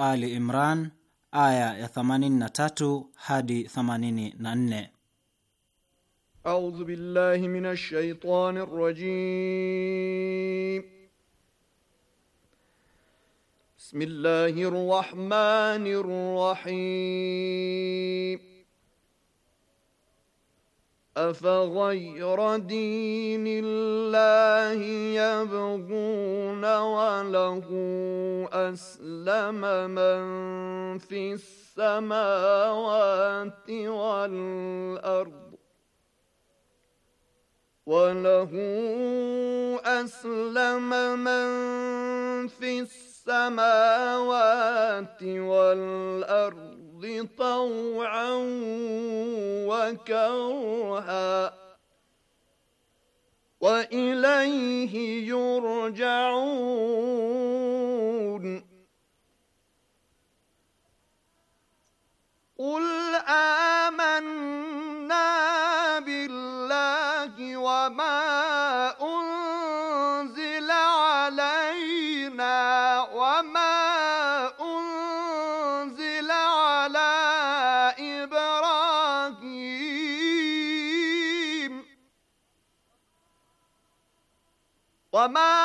Ali Imran aya ya 83 hadi 84. A'udhu billahi minash shaitanir rajim. Bismillahir rahmanir rahim. أفغير دين الله يبغون فرعون وله أسلم من في السماوات والأرض وله أسلم من في السماوات والأرض طوعا وكرها وإليه يرجعون قل آمنا وما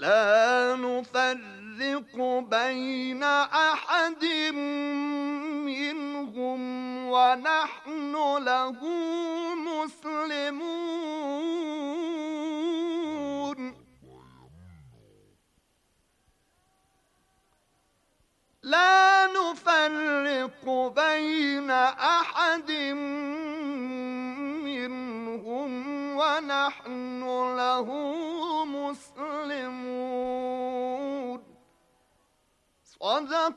لا نفرق بين أحد منهم ونحن له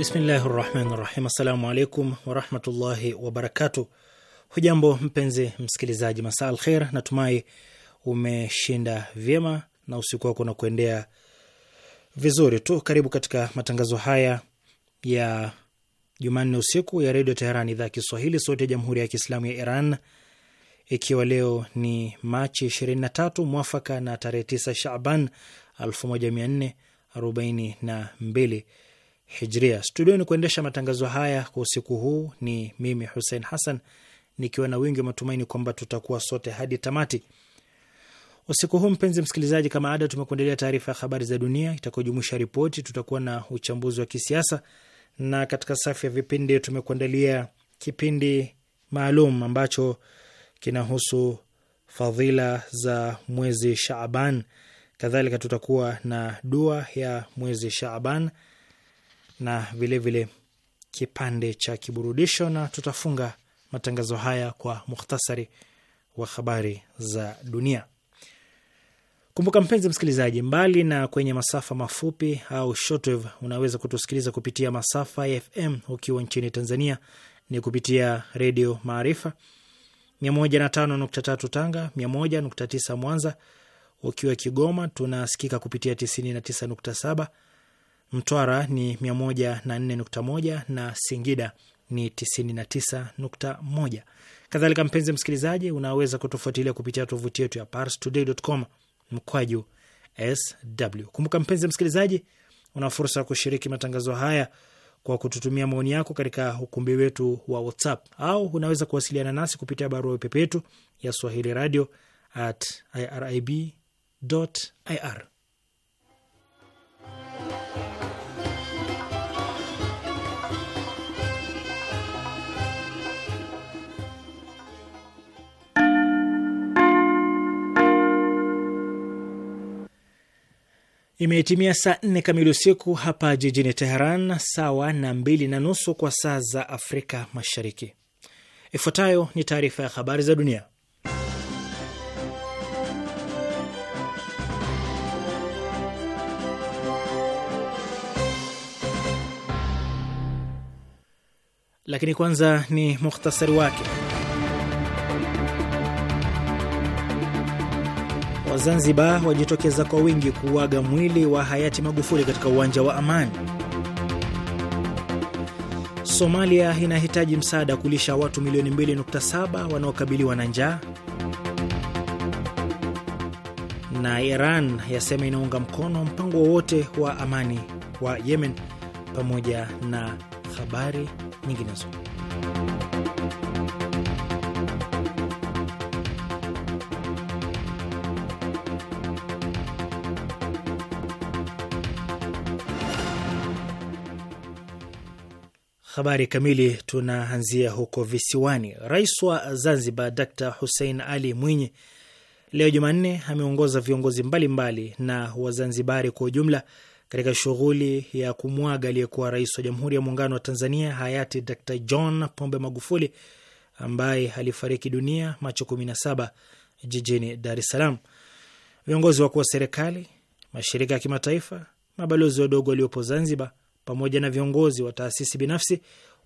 Bismillahi rahmani rahim. Assalamu alaikum warahmatullahi wabarakatu. Hujambo mpenzi msikilizaji, masa al kher. Natumai umeshinda vyema na usiku wako na kuendea vizuri tu. Karibu katika matangazo haya ya Jumanne usiku ya Redio Teheran, idhaa ya Kiswahili, sauti ya Jamhuri ya Kiislamu ya Iran, ikiwa leo ni Machi 23 mwafaka na tarehe 9 Shaban 1442 hijria. Studioni kuendesha matangazo haya kwa usiku huu ni mimi Hussein Hassan, nikiwa na wingi wa matumaini kwamba tutakuwa sote hadi tamati usiku huu. Mpenzi msikilizaji, kama ada, tumekuendelea taarifa ya habari za dunia itakayojumuisha ripoti, tutakuwa na uchambuzi wa kisiasa, na katika safu ya vipindi tumekuandalia kipindi maalum ambacho kinahusu fadhila za mwezi Shaaban. Kadhalika tutakuwa na dua ya mwezi Shaaban na vilevile vile kipande cha kiburudisho, na tutafunga matangazo haya kwa mukhtasari wa habari za dunia. Kumbuka mpenzi msikilizaji, mbali na kwenye masafa mafupi au shortwave, unaweza kutusikiliza kupitia masafa ya FM. Ukiwa nchini Tanzania ni kupitia Redio Maarifa 105.3 Tanga, 101.9 Mwanza. Ukiwa Kigoma tunasikika kupitia 99.7 Mtwara ni 104.1 na Singida ni 99.1. Kadhalika, mpenzi msikilizaji, unaweza kutufuatilia kupitia tovuti yetu ya parstoday.com mkwaju sw. Kumbuka mpenzi msikilizaji, una fursa ya kushiriki matangazo haya kwa kututumia maoni yako katika ukumbi wetu wa WhatsApp au unaweza kuwasiliana nasi kupitia barua pepe yetu ya swahili radio at ir Imetimia saa nne kamili usiku hapa jijini Teheran, sawa na mbili na nusu kwa saa za Afrika Mashariki. Ifuatayo ni taarifa ya habari za dunia, lakini kwanza ni muhtasari wake. Wazanzibar wajitokeza kwa wingi kuuaga mwili wa hayati Magufuli katika uwanja wa Amani. Somalia inahitaji msaada kulisha watu milioni 2.7 wanaokabiliwa na njaa, na Iran yasema inaunga mkono mpango wowote wa amani wa Yemen, pamoja na habari nyinginezo. Habari kamili tunaanzia huko visiwani. Rais wa Zanzibar Dr Hussein Ali Mwinyi leo Jumanne ameongoza viongozi mbalimbali mbali na Wazanzibari kwa ujumla katika shughuli ya kumwaga aliyekuwa rais wa Jamhuri ya Muungano wa Tanzania hayati Dr John Pombe Magufuli ambaye alifariki dunia macho 17 jijini Dar es Salaam. Viongozi wakuu wa serikali, mashirika ya kimataifa, mabalozi wadogo waliopo Zanzibar pamoja na viongozi wa taasisi binafsi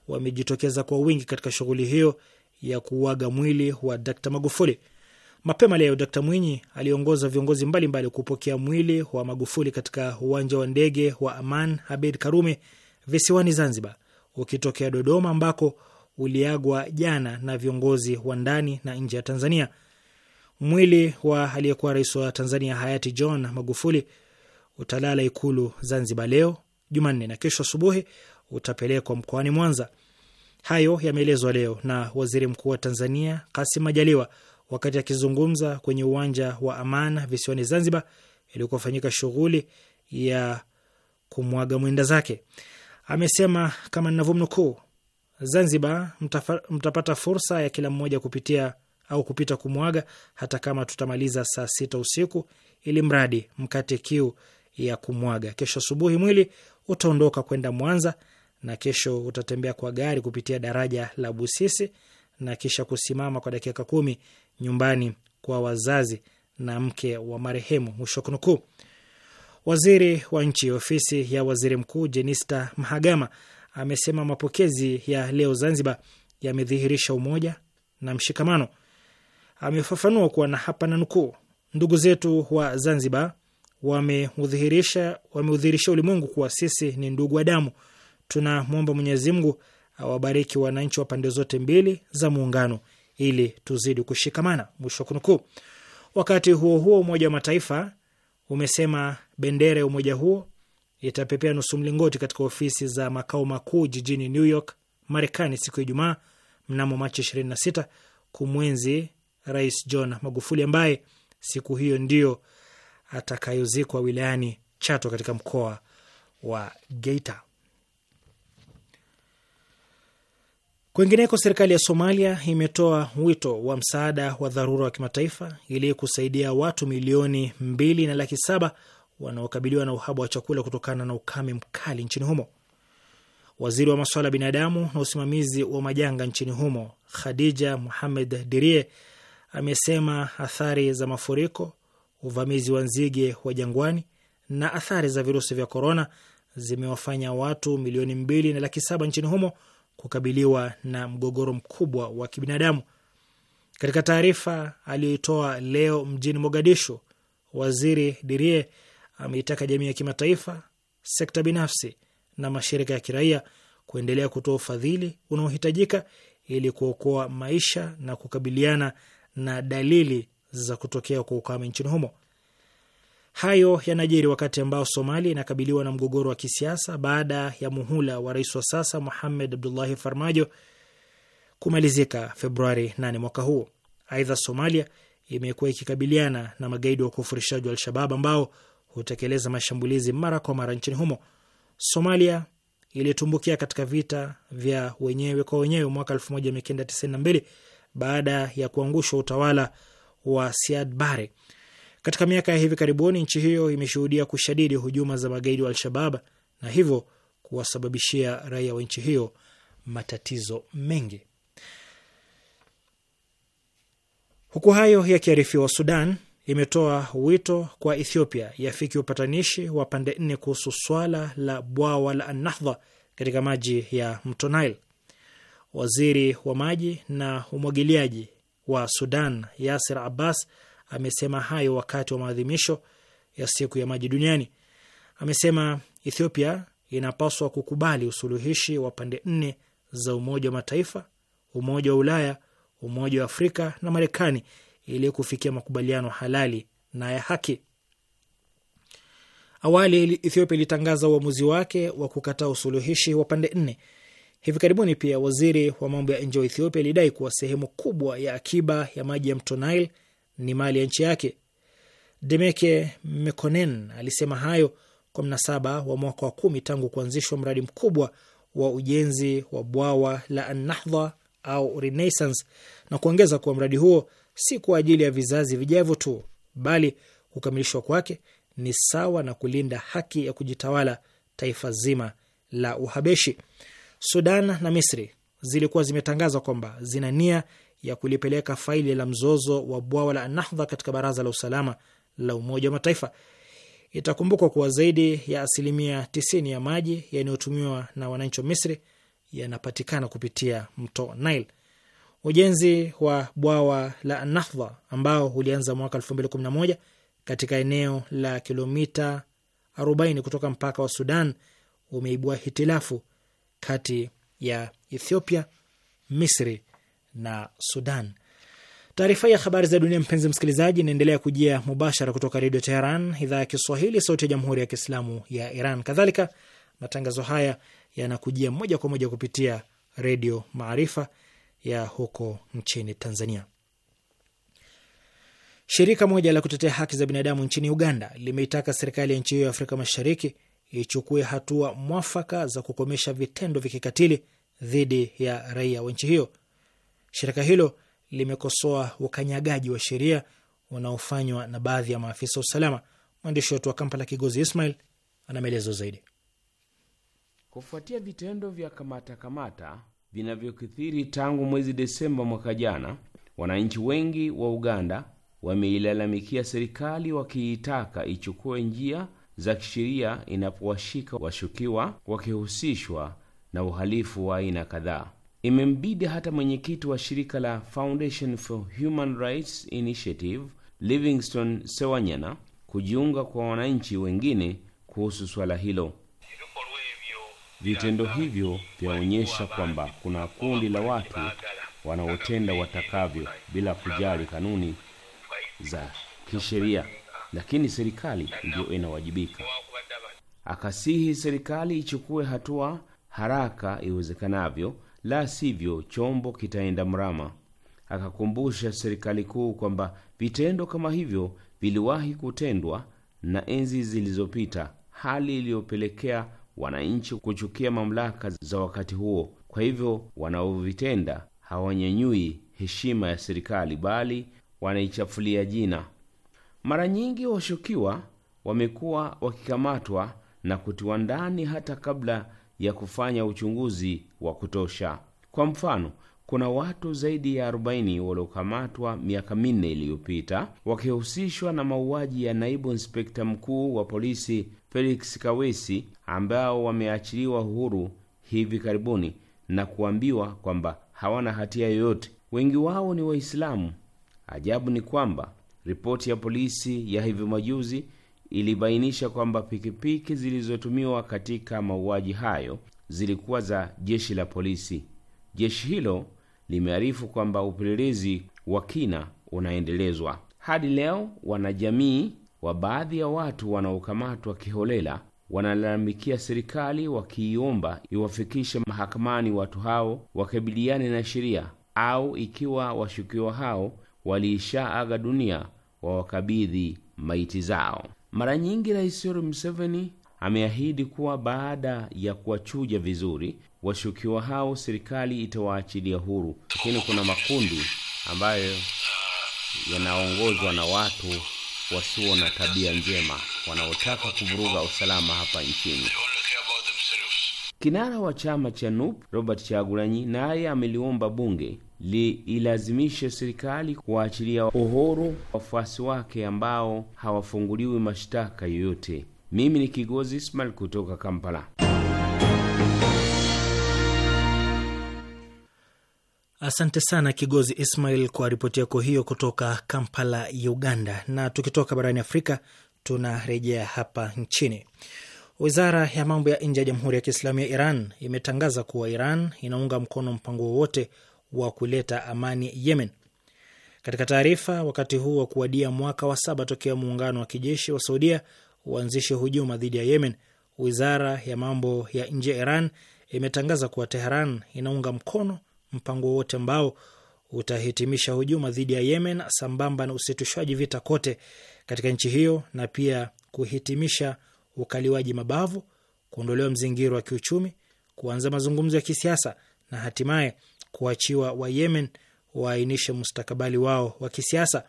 wamejitokeza kwa wingi katika shughuli hiyo ya kuuaga mwili wa Dkt Magufuli. Mapema leo Dkt Mwinyi aliongoza viongozi mbalimbali kupokea mwili wa Magufuli katika uwanja wa ndege wa Aman Abeid Karume visiwani Zanzibar, ukitokea Dodoma ambako uliagwa jana na viongozi wa ndani na nje ya Tanzania. Mwili wa aliyekuwa rais wa Tanzania hayati John Magufuli utalala Ikulu Zanzibar leo Jumanne na kesho asubuhi utapelekwa mkoani Mwanza. Hayo yameelezwa leo na waziri mkuu wa Tanzania Kasim Majaliwa wakati akizungumza kwenye uwanja wa Amana visiwani Zanzibar, ilikofanyika shughuli ya kumwaga mwenda zake. Amesema kama ninavyomnukuu, Zanzibar mtapata fursa ya kila mmoja kupitia au kupita kumwaga, hata kama tutamaliza saa sita usiku, ili mradi mkate kiu ya kumwaga. Kesho asubuhi mwili utaondoka kwenda Mwanza na kesho utatembea kwa gari kupitia daraja la Busisi na kisha kusimama kwa dakika kumi nyumbani kwa wazazi na mke wa marehemu. Mwisho kunukuu. Waziri wa nchi ofisi ya waziri mkuu Jenista Mhagama amesema mapokezi ya leo Zanzibar yamedhihirisha umoja na mshikamano. Amefafanua kuwa na hapa na nukuu, ndugu zetu wa Zanzibar wameudhihirisha wameudhihirisha ulimwengu kuwa sisi ni ndugu wa damu. Tunamwomba Mwenyezi Mungu awabariki wananchi wa pande zote mbili za muungano ili tuzidi kushikamana. Mwisho wa kunukuu. Wakati huo huo, Umoja wa Mataifa umesema bendera ya umoja huo itapepea nusu mlingoti katika ofisi za makao makuu jijini New York, Marekani siku ya Ijumaa mnamo Machi 26 kumwenzi Rais John Magufuli ambaye siku hiyo ndio atakayozikwa wilayani Chato katika mkoa wa Geita. Kwingineko, serikali ya Somalia imetoa wito wa msaada wa dharura wa kimataifa ili kusaidia watu milioni mbili na laki saba wanaokabiliwa na uhaba wa chakula kutokana na ukame mkali nchini humo. Waziri wa masuala ya binadamu na usimamizi wa majanga nchini humo Khadija Muhamed Dirie amesema athari za mafuriko uvamizi wa nzige wa jangwani na athari za virusi vya korona zimewafanya watu milioni mbili na laki saba nchini humo kukabiliwa na mgogoro mkubwa wa kibinadamu. Katika taarifa aliyoitoa leo mjini Mogadishu, waziri Dirie ameitaka jamii ya kimataifa, sekta binafsi na mashirika ya kiraia kuendelea kutoa ufadhili unaohitajika ili kuokoa maisha na kukabiliana na dalili za kutokea kwa ukame nchini humo. Hayo yanajiri wakati ambao Somalia inakabiliwa na mgogoro wa kisiasa baada ya muhula wa rais wa sasa Muhamed Abdullahi Farmajo kumalizika Februari 8 mwaka huu. Aidha, Somalia imekuwa ikikabiliana na magaidi wa kufurishaji wa Alshabab ambao hutekeleza mashambulizi mara kwa mara nchini humo. Somalia ilitumbukia katika vita vya wenyewe kwa wenyewe mwaka 1992 baada ya kuangushwa utawala wa Siad Barre. Katika miaka ya hivi karibuni, nchi hiyo imeshuhudia kushadidi hujuma za magaidi wa Al-Shabab na hivyo kuwasababishia raia wa nchi hiyo matatizo mengi. Huku hayo yakiarifiwa, Sudan imetoa wito kwa Ethiopia yafiki upatanishi wa pande nne kuhusu swala la bwawa la Nahdha katika maji ya mto Nile. Waziri wa maji na umwagiliaji wa Sudan Yasir Abbas amesema hayo wakati wa maadhimisho ya siku ya maji duniani. Amesema Ethiopia inapaswa kukubali usuluhishi wa pande nne za Umoja wa Mataifa, Umoja wa Ulaya, Umoja wa Afrika na Marekani ili kufikia makubaliano halali na ya haki. Awali Ethiopia ilitangaza uamuzi wake wa kukataa usuluhishi wa pande nne. Hivi karibuni pia waziri wa mambo ya nje wa Ethiopia alidai kuwa sehemu kubwa ya akiba ya maji ya mto Nile ni mali ya nchi yake. Demeke Mekonnen alisema hayo kwa mnasaba wa mwaka wa kumi tangu kuanzishwa mradi mkubwa wa ujenzi wa bwawa la Annahdha au Renaissance, na kuongeza kuwa mradi huo si kwa ajili ya vizazi vijavyo tu, bali kukamilishwa kwake ni sawa na kulinda haki ya kujitawala taifa zima la Uhabeshi. Sudan na Misri zilikuwa zimetangaza kwamba zina nia ya kulipeleka faili la mzozo wa bwawa la nahdha katika Baraza la Usalama la Umoja wa Mataifa. Itakumbukwa kuwa zaidi ya asilimia tisini ya maji yanayotumiwa na wananchi wa Misri yanapatikana kupitia mto Nile. Ujenzi wa bwawa la nahdha ambao ulianza mwaka 2011 katika eneo la kilomita 40 kutoka mpaka wa Sudan umeibua hitilafu kati ya Ethiopia, Misri na Sudan. Taarifa ya habari za dunia, mpenzi msikilizaji, inaendelea kujia mubashara kutoka Redio Teheran, idhaa ya Kiswahili, sauti ya Jamhuri ya Kiislamu ya Iran. Kadhalika, matangazo haya yanakujia moja kwa moja kupitia Redio Maarifa ya huko nchini Tanzania. Shirika moja la kutetea haki za binadamu nchini Uganda limeitaka serikali ya nchi hiyo ya Afrika Mashariki ichukue hatua mwafaka za kukomesha vitendo vya kikatili dhidi ya raia wa nchi hiyo. Shirika hilo limekosoa ukanyagaji wa sheria unaofanywa na baadhi ya maafisa wa usalama. Mwandishi wetu wa Kampala, Kigozi Ismail, ana maelezo zaidi. Kufuatia vitendo vya kamata kamata vinavyokithiri tangu mwezi Desemba mwaka jana, wananchi wengi wa Uganda wameilalamikia serikali wakiitaka ichukue njia za kisheria inapowashika washukiwa wakihusishwa na uhalifu wa aina kadhaa. Imembidi hata mwenyekiti wa shirika la Foundation for Human Rights Initiative Livingston Sewanyana kujiunga kwa wananchi wengine kuhusu swala hilo. Vitendo hivyo vyaonyesha kwamba kuna kundi la watu wanaotenda watakavyo bila kujali kanuni za kisheria lakini serikali ndiyo inawajibika. Akasihi serikali ichukue hatua haraka iwezekanavyo, la sivyo chombo kitaenda mrama. Akakumbusha serikali kuu kwamba vitendo kama hivyo viliwahi kutendwa na enzi zilizopita, hali iliyopelekea wananchi kuchukia mamlaka za wakati huo. Kwa hivyo wanaovitenda hawanyanyui heshima ya serikali, bali wanaichafulia jina. Mara nyingi washukiwa wamekuwa wakikamatwa na kutiwa ndani hata kabla ya kufanya uchunguzi wa kutosha. Kwa mfano, kuna watu zaidi ya 40 waliokamatwa miaka minne iliyopita wakihusishwa na mauaji ya naibu inspekta mkuu wa polisi Felix Kawesi ambao wameachiliwa huru hivi karibuni na kuambiwa kwamba hawana hatia yoyote. Wengi wao ni Waislamu. Ajabu ni kwamba Ripoti ya polisi ya hivi majuzi ilibainisha kwamba pikipiki zilizotumiwa katika mauaji hayo zilikuwa za jeshi la polisi. Jeshi hilo limearifu kwamba upelelezi wa kina unaendelezwa. Hadi leo wanajamii wa baadhi ya watu wanaokamatwa kiholela wanalalamikia serikali wakiiomba iwafikishe mahakamani watu hao wakabiliane na sheria, au ikiwa washukiwa hao waliishaaga dunia wawakabidhi maiti zao. Mara nyingi Rais Yoweri Museveni ameahidi kuwa baada ya kuwachuja vizuri washukiwa hao, serikali itawaachilia huru, lakini kuna makundi ambayo yanaongozwa na watu wasio na tabia njema wanaotaka kuvuruga usalama hapa nchini. Kinara wa chama cha NUP Robert Chagulanyi naye ameliomba bunge liilazimishe serikali kuwaachilia uhuru wafuasi wake ambao hawafunguliwi mashtaka yoyote. Mimi ni Kigozi Ismail kutoka Kampala. Asante sana Kigozi Ismail kwa ripoti yako hiyo kutoka Kampala, Uganda. Na tukitoka barani Afrika, tunarejea hapa nchini. Wizara ya mambo ya nje ya Jamhuri ya Kiislamu ya Iran imetangaza kuwa Iran inaunga mkono mpango wowote wa kuleta amani Yemen. Katika taarifa wakati huu wa kuwadia mwaka wa saba tokea muungano wa kijeshi wa Saudia uanzishe hujuma dhidi ya Yemen, wizara ya mambo ya nje ya Iran imetangaza kuwa Teheran inaunga mkono mpango wowote ambao utahitimisha hujuma dhidi ya Yemen sambamba na usitishwaji vita kote katika nchi hiyo na pia kuhitimisha ukaliwaji mabavu, kuondolewa mzingiro wa kiuchumi, kuanza mazungumzo ya kisiasa na hatimaye kuachiwa wa Yemen waainishe mustakabali wao wa kisiasa.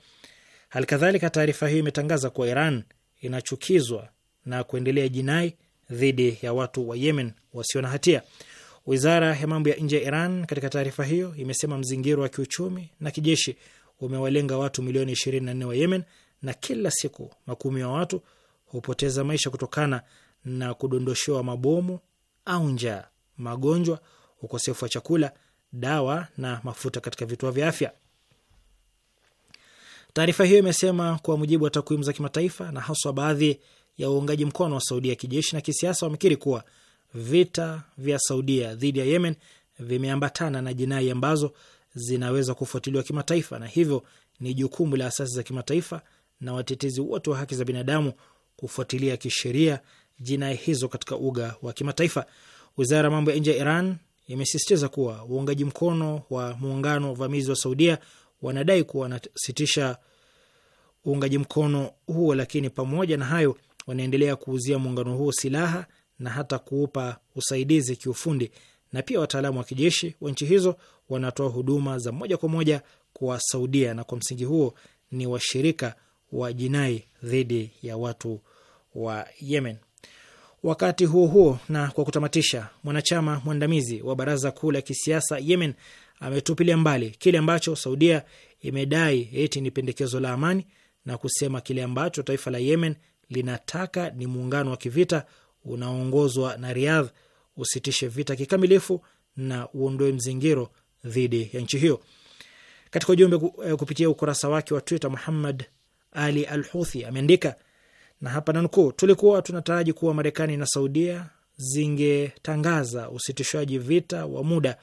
Halikadhalika, taarifa hiyo imetangaza kuwa Iran inachukizwa na kuendelea jinai dhidi ya watu wa Yemen wasio na hatia. Wizara ya mambo ya nje ya Iran katika taarifa hiyo imesema mzingiro wa kiuchumi na kijeshi umewalenga watu milioni 24 wa Yemen na kila siku makumi ya watu hupoteza maisha kutokana na kudondoshewa mabomu au njaa, magonjwa, ukosefu wa chakula, dawa na mafuta katika vituo vya afya. Taarifa hiyo imesema kwa mujibu wa takwimu za kimataifa na haswa baadhi ya uungaji mkono wa Saudia kijeshi na kisiasa wamekiri kuwa vita vya Saudia dhidi ya Yemen vimeambatana na jinai ambazo zinaweza kufuatiliwa kimataifa na hivyo ni jukumu la asasi za kimataifa na watetezi wote wa haki za binadamu kufuatilia kisheria jinai hizo katika uga wa kimataifa. Wizara ya mambo ya nje ya Iran imesisitiza kuwa uungaji mkono wa muungano wa uvamizi wa Saudia wanadai kuwa wanasitisha uungaji mkono huo, lakini pamoja na hayo wanaendelea kuuzia muungano huo silaha na hata kuupa usaidizi kiufundi, na pia wataalamu wa kijeshi wa nchi hizo wanatoa huduma za moja kwa moja kwa Saudia, na kwa msingi huo ni washirika wa jinai dhidi ya watu wa Yemen. Wakati huo huo, na kwa kutamatisha, mwanachama mwandamizi wa baraza kuu la kisiasa Yemen ametupilia mbali kile ambacho Saudia imedai eti ni pendekezo la amani na kusema kile ambacho taifa la Yemen linataka ni muungano wa kivita unaoongozwa na Riyadh usitishe vita kikamilifu na uondoe mzingiro dhidi ya nchi hiyo. Katika ujumbe eh, kupitia ukurasa wake wa Twitter, Muhammad ali Al Huthi ameandika, na hapa nanukuu, tulikuwa tunataraji kuwa Marekani na Saudia zingetangaza usitishwaji vita wa muda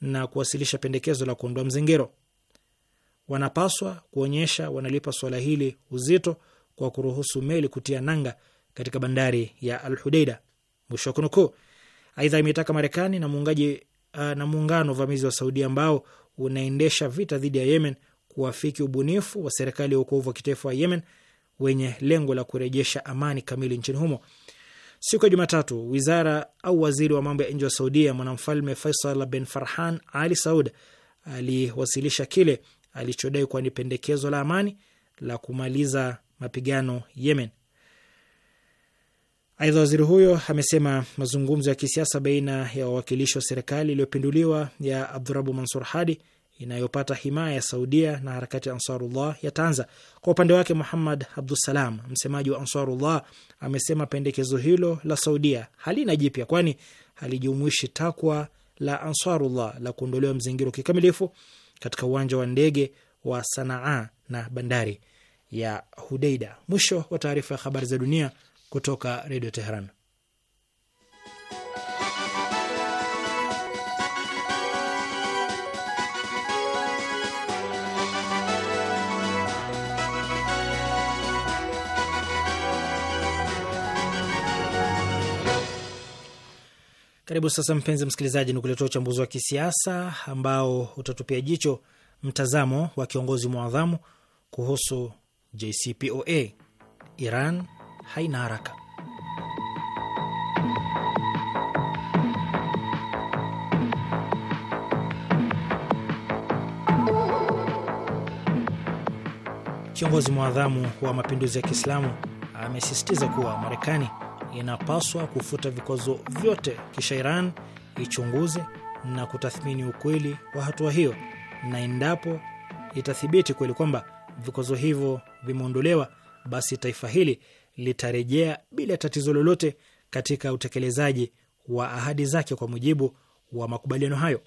na kuwasilisha pendekezo la kuondoa mzingiro. Wanapaswa kuonyesha wanalipa suala hili uzito kwa kuruhusu meli kutia nanga katika bandari ya Al Hudeida, mwisho wa kunukuu. Aidha, imetaka Marekani na eh, muungano uh, uvamizi wa Saudia ambao unaendesha vita dhidi ya Yemen kuafiki ubunifu wa serikali ya uokovu wa kitaifa wa Yemen wenye lengo la kurejesha amani kamili nchini humo. Siku ya Jumatatu, wizara au waziri wa mambo ya nje wa Saudia mwanamfalme Faisal bin Farhan Ali Saud aliwasilisha kile alichodai kuwa ni pendekezo la amani la kumaliza mapigano Yemen. Aidha, waziri huyo amesema mazungumzo ya kisiasa baina ya wawakilishi wa serikali iliyopinduliwa ya Abdurabu Mansur Hadi inayopata himaya ya Saudia na harakati ya Ansarullah ya Tanza. Kwa upande wake, Muhammad Abdusalam, msemaji wa Ansarullah, amesema pendekezo hilo la Saudia halina jipya, kwani halijumuishi takwa la Ansarullah la kuondolewa mzingiro kikamilifu katika uwanja wa ndege wa Sanaa na bandari ya Hudeida. Mwisho wa taarifa ya habari za dunia kutoka Redio Teheran. Karibu sasa, mpenzi msikilizaji, ni kuletea uchambuzi wa kisiasa ambao utatupia jicho mtazamo wa kiongozi mwadhamu kuhusu JCPOA, Iran haina haraka. Kiongozi mwadhamu wa mapinduzi ya Kiislamu amesisitiza kuwa Marekani inapaswa kufuta vikwazo vyote, kisha Iran ichunguze na kutathmini ukweli wa hatua hiyo, na endapo itathibiti kweli kwamba vikwazo hivyo vimeondolewa, basi taifa hili litarejea bila tatizo lolote katika utekelezaji wa ahadi zake kwa mujibu wa makubaliano hayo.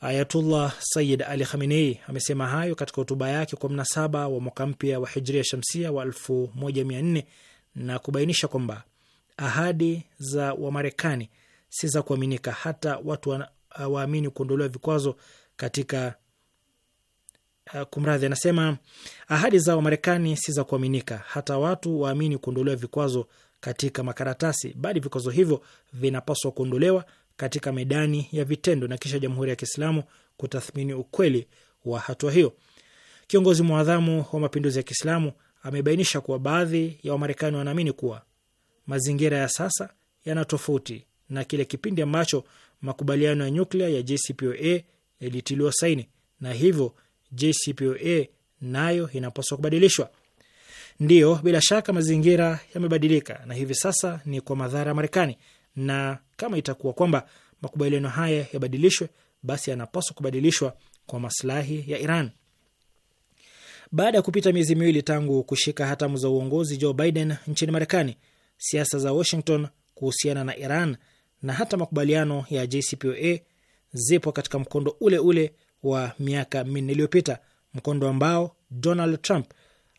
Ayatullah Sayyid Ali Khamenei amesema hayo katika hotuba yake kwa mnasaba wa mwaka mpya wa Hijria Shamsia wa 1400 na kubainisha kwamba ahadi za Wamarekani si za kuaminika, hata watu waamini kuondolewa vikwazo katika uh, kumradhi, anasema ahadi za Wamarekani si za kuaminika, hata watu waamini kuondolewa vikwazo katika makaratasi, bali vikwazo hivyo vinapaswa kuondolewa katika medani ya vitendo na kisha Jamhuri ya Kiislamu kutathmini ukweli wa hatua hiyo. Kiongozi mwadhamu wa mapinduzi ya Kiislamu amebainisha kuwa baadhi ya Wamarekani wanaamini kuwa mazingira ya sasa yana tofauti na kile kipindi ambacho makubaliano ya nyuklia ya JCPOA yalitiliwa saini, na hivyo JCPOA nayo inapaswa kubadilishwa. Ndiyo, bila shaka mazingira yamebadilika, na hivi sasa ni kwa madhara ya Marekani, na kama itakuwa kwamba makubaliano haya yabadilishwe, basi yanapaswa kubadilishwa kwa maslahi ya Iran. Baada ya kupita miezi miwili tangu kushika hatamu za uongozi Joe Biden nchini Marekani, siasa za Washington kuhusiana na Iran na hata makubaliano ya JCPOA zipo katika mkondo ule ule wa miaka minne iliyopita, mkondo ambao Donald Trump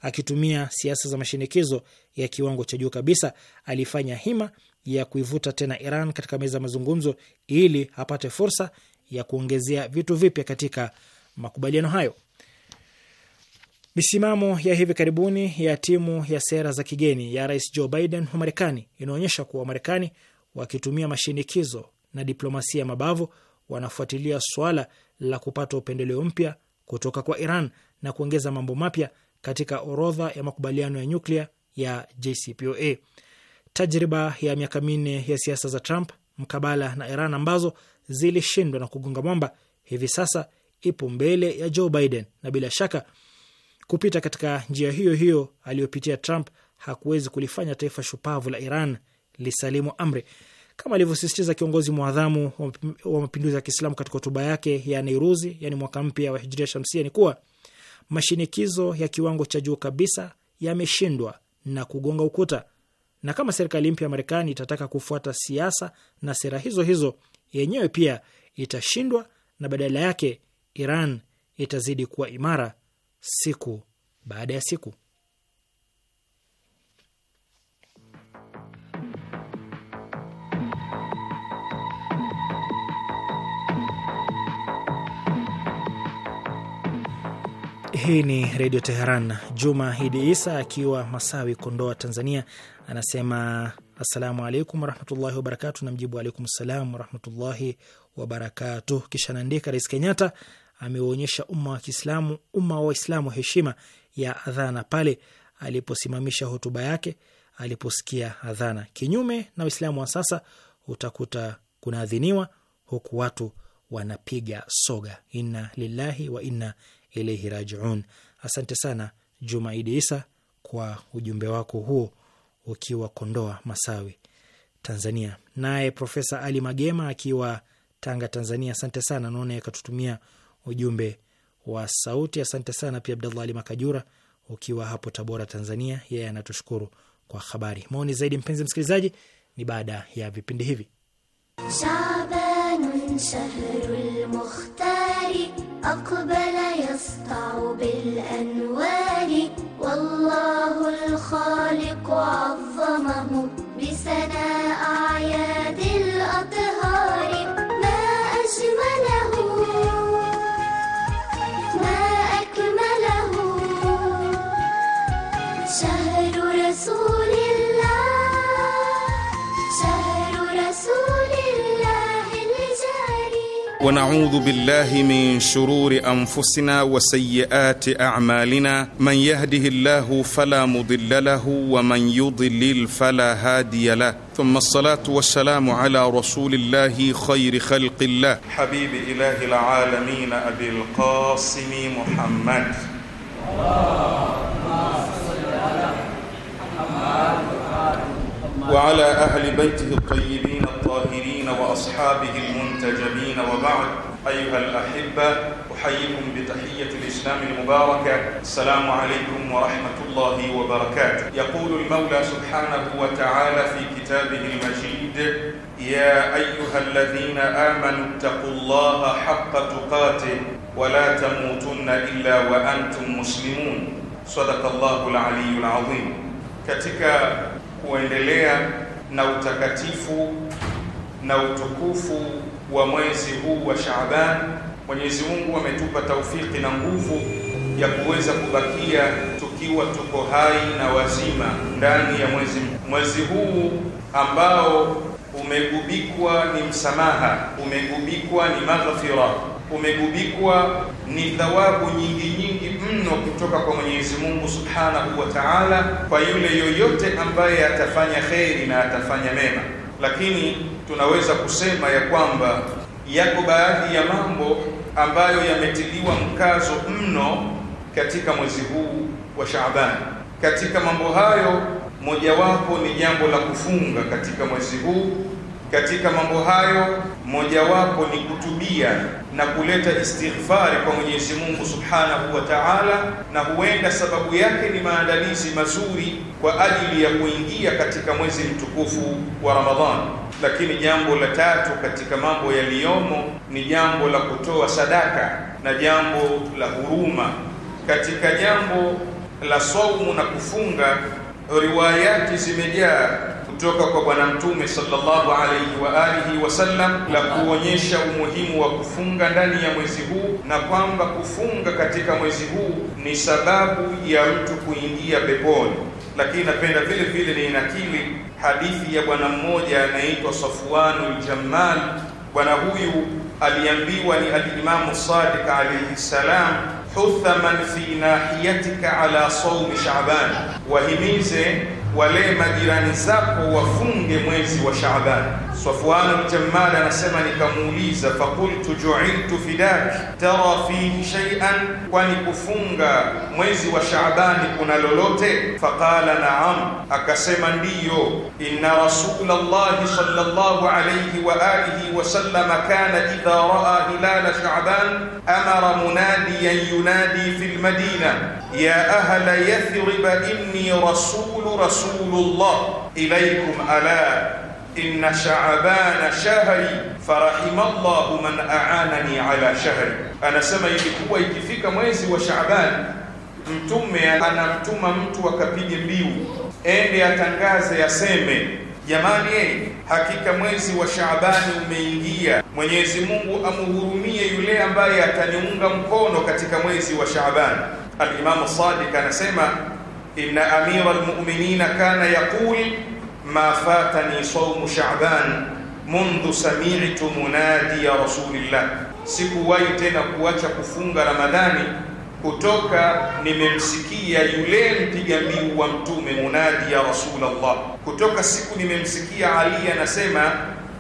akitumia siasa za mashinikizo ya kiwango cha juu kabisa alifanya hima ya kuivuta tena Iran katika meza ya mazungumzo ili apate fursa ya kuongezea vitu vipya katika makubaliano hayo. Misimamo ya hivi karibuni ya timu ya sera za kigeni ya Rais Joe Biden wa Marekani inaonyesha kuwa Wamarekani wakitumia mashinikizo na diplomasia mabavu wanafuatilia swala la kupata upendeleo mpya kutoka kwa Iran na kuongeza mambo mapya katika orodha ya makubaliano ya nyuklia ya JCPOA. Tajriba ya miaka minne ya siasa za Trump mkabala na Iran ambazo zilishindwa na kugonga mwamba, hivi sasa ipo mbele ya Joe Biden na bila shaka Kupita katika njia hiyo hiyo aliyopitia Trump hakuwezi kulifanya taifa shupavu la Iran lisalimu amri, kama alivyosisitiza kiongozi mwadhamu wa mapinduzi ya Kiislamu katika hotuba yake ya Neiruzi, yani mwaka mpya wa Hijiria Shamsia, ni kuwa mashinikizo ya kiwango cha juu kabisa yameshindwa na kugonga ukuta, na kama serikali mpya ya Marekani itataka kufuata siasa na sera hizo hizo, yenyewe pia itashindwa, na badala yake Iran itazidi kuwa imara siku baada ya siku. Hii ni Redio Teheran. Juma Hidi Isa akiwa Masawi, Kondoa, Tanzania, anasema assalamu alaikum warahmatullahi wabarakatu, na mjibu alaikum salam warahmatullahi wabarakatuh. Kisha naandika Rais Kenyatta amewaonyesha umma wa Kiislamu, umma wa Waislamu heshima ya adhana pale aliposimamisha hotuba yake aliposikia adhana. Kinyume na Waislamu wa sasa, utakuta kunaadhiniwa huku watu wanapiga soga. Inna lillahi wa inna ilaihi rajiun. Asante sana Jumaidi Isa kwa ujumbe wako huo, ukiwa Kondoa Masawi, Tanzania. Naye Profesa Ali Magema akiwa Tanga, Tanzania, asante sana. Naona akatutumia ujumbe wa sauti. Asante sana pia Abdallah Ali Makajura ukiwa hapo Tabora, Tanzania, yeye yeah, anatushukuru kwa habari. Maoni zaidi mpenzi msikilizaji ni baada ya vipindi hivi. ونعوذ بالله من شرور انفسنا وسيئات اعمالنا من يهده الله فلا مضل له ومن يضلل فلا هادي له ثم الصلاه والسلام على رسول الله خير خلق الله حبيب اله العالمين ابي القاسم محمد وعلى اهل بيته الطيبين الطاهرين وأصحابه المنتجبين وبعد أيها الأحبة أحييكم بتحية الإسلام المباركة السلام عليكم ورحمة الله وبركاته يقول المولى سبحانه وتعالى في كتابه المجيد يا أيها الذين آمنوا اتقوا الله حق تقاته ولا تموتن إلا وأنتم مسلمون صدق الله العلي العظيم كتك kuendelea na utakatifu na utukufu wa mwezi huu wa Shaaban, Mwenyezi Mungu ametupa taufiki na nguvu ya kuweza kubakia tukiwa tuko hai na wazima ndani ya mwezi mwezi huu ambao umegubikwa ni msamaha, umegubikwa ni maghfira, umegubikwa ni thawabu nyingi nyingi mno kutoka kwa Mwenyezi Mungu Subhanahu wa Ta'ala, kwa yule yoyote ambaye atafanya kheri na atafanya mema lakini tunaweza kusema ya kwamba yako baadhi ya mambo ambayo yametiliwa mkazo mno katika mwezi huu wa Shaaban. Katika mambo hayo mojawapo ni jambo la kufunga katika mwezi huu katika mambo hayo mojawapo ni kutubia na kuleta istighfari kwa Mwenyezi Mungu Subhanahu wa Ta'ala, na huenda sababu yake ni maandalizi mazuri kwa ajili ya kuingia katika mwezi mtukufu wa Ramadhani. Lakini jambo la tatu katika mambo yaliyomo ni jambo la kutoa sadaka na jambo la huruma. Katika jambo la saumu na kufunga, riwayati zimejaa kutoka kwa Bwana Mtume sallallahu alayhi wa alihi wasallam la kuonyesha umuhimu wa kufunga ndani ya mwezi huu na kwamba kufunga katika mwezi huu ni sababu ya mtu kuingia peponi. Lakini napenda vile vile niinakili hadithi ya bwana mmoja anaitwa safwanu ljamal Bwana huyu aliambiwa ni alimamu Sadiq alayhi salam, huthaman fi nahiyatika ala saumi Shaaban, wahimize wale majirani zako wafunge mwezi wa Shaaban. Safwan Jammal anasema nikamuuliza, fakultu ju'iltu fidak tara fihi shay'an, kwani kufunga mwezi wa Shaabani kuna lolote? Faqala na'am, akasema ndiyo. Inna rasulallahi sallallahu alayhi wa alihi wa sallam kana idha raa hilala Shaaban amara munadiyan yunadi fil madina ya ahla yathrib inni rasulu rasul rasulullah ilaykum ala inna shaabana shahri farahimallahu man aanani ala shahri, anasema ilikuwa ikifika mwezi wa Shaaban mtume anamtuma mtu akapige mbiu, ende atangaze, aseme jamani, eh, hakika mwezi wa Shaabani umeingia, Mwenyezi Mungu amuhurumie yule ambaye ataniunga mkono katika mwezi wa Shaabani. Alimamu Sadiq anasema إن amira المؤمنين kana yaqul ما فاتني shaban شعبان samitu سمعت منادي رسول الله sikuwahi tena kuacha kufunga Ramadhani kutoka nimemsikia yule mpiga mbiu wa mtume munadi ya Rasulullah, kutoka siku nimemsikia Ali anasema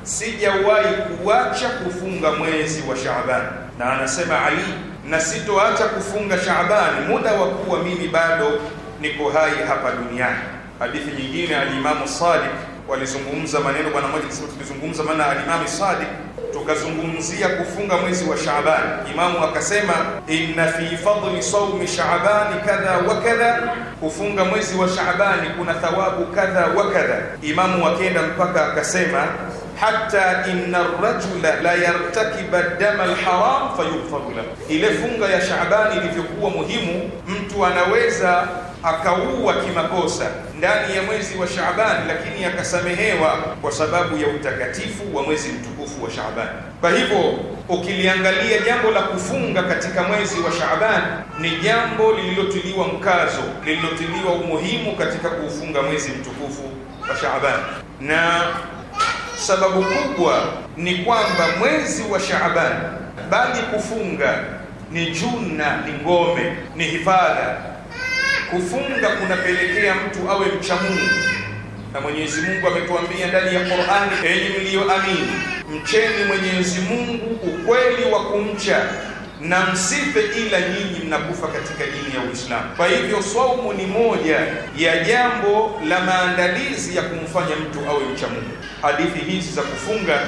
sijawahi kuacha kufunga mwezi wa Shaaban, na anasema Ali, na sitoacha kufunga Shaaban muda wa kuwa mimi bado niko hai hapa duniani. Hadithi nyingine alimamu Sadiq walizungumza maneno bwana mmoja, tulizungumza maana alimamu Sadiq tukazungumzia kufunga mwezi wa Shaaban. Imamu akasema inna fi fadli sawmi Shaaban kadha wa kadha, kufunga mwezi wa Shaaban kuna thawabu kadha wa kadha. Imamu akenda mpaka akasema hata inna rajula la yartakiba dama alharam fayughfaru lahu. Ile funga ya Shaaban ilivyokuwa muhimu, mtu anaweza akauwa kimakosa ndani ya mwezi wa Shaaban, lakini akasamehewa kwa sababu ya utakatifu wa mwezi mtukufu wa Shaaban. Kwa hivyo ukiliangalia jambo la kufunga katika mwezi wa Shaaban ni jambo lililotiliwa mkazo, lililotiliwa umuhimu katika kuufunga mwezi mtukufu wa Shaaban, na sababu kubwa ni kwamba mwezi wa Shaaban, bali kufunga ni juna, ni ngome, ni hifadha Kufunga kunapelekea mtu awe mcha Mungu, na Mwenyezi Mungu ametuambia ndani ya Qur'ani, enyi mliyoamini, mcheni Mwenyezi Mungu ukweli wa kumcha na msife ila nyinyi mnakufa katika dini ya Uislamu. Kwa hivyo saumu ni moja ya jambo la maandalizi ya kumfanya mtu awe mcha Mungu. Hadithi hizi za kufunga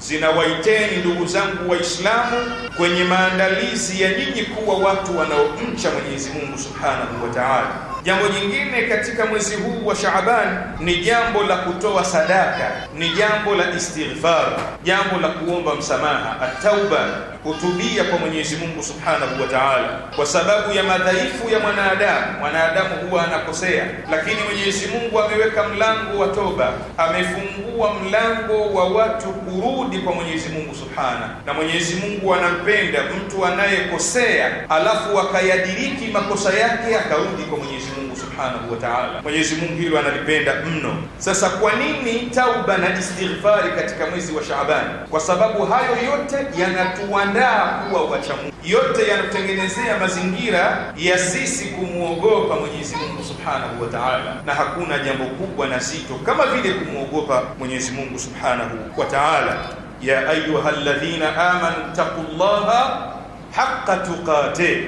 zinawaiteni ndugu zangu Waislamu kwenye maandalizi ya nyinyi kuwa watu wanaomcha Mwenyezi Mungu Subhanahu wa Ta'ala. Jambo jingine katika mwezi huu wa Shaaban ni jambo la kutoa sadaka, ni jambo la istighfar, jambo la kuomba msamaha, at-tauba kutubia kwa Mwenyezi Mungu Subhanahu wa Ta'ala, kwa sababu ya madhaifu ya mwanadamu. Mwanadamu huwa anakosea, lakini Mwenyezi Mungu ameweka mlango wa toba, amefungua mlango wa watu kurudi kwa Mwenyezi Mungu Subhana. Na Mwenyezi Mungu anampenda mtu anayekosea alafu akayadiriki makosa yake akarudi kwa Mwenyezi Mungu Subhanahu wa Ta'ala. Mwenyezi Mungu hilo analipenda mno. Sasa kwa nini tauba na istighfari katika mwezi wa Shaaban? Kwa sababu hayo yote yanatuanda kutuandaa kuwa wachamungu. Yote yanatengenezea mazingira ya sisi kumwogopa Mwenyezi Mungu subhanahu wa taala, na hakuna jambo kubwa na zito kama vile kumwogopa Mwenyezi Mungu subhanahu wa taala. ya ayuha alladhina amanu taqullaha haqqa tuqatih